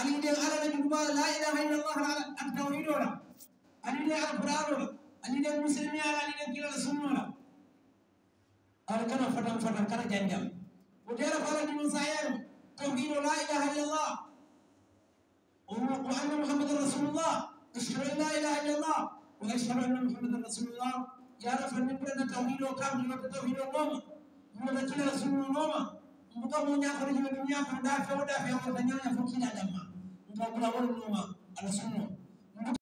أني دين على نجوبا لا إله إلا الله على التوحيد ولا أني دين على القرآن ولا أني دين مسلمي على أني دين كلا السنة ولا أركنا فتن فتن كنا جنجم ودير فلا دين سعيان توحيد لا إله إلا الله وأن محمد رسول الله أشهد أن لا إله إلا الله وأشهد أن محمد رسول الله يا رب النبي التوحيد وكم من التوحيد وما من الرسول وما مقام يأخذ من الدنيا فدافع ودافع وتنيا فكنا دمه ya fara wari minnu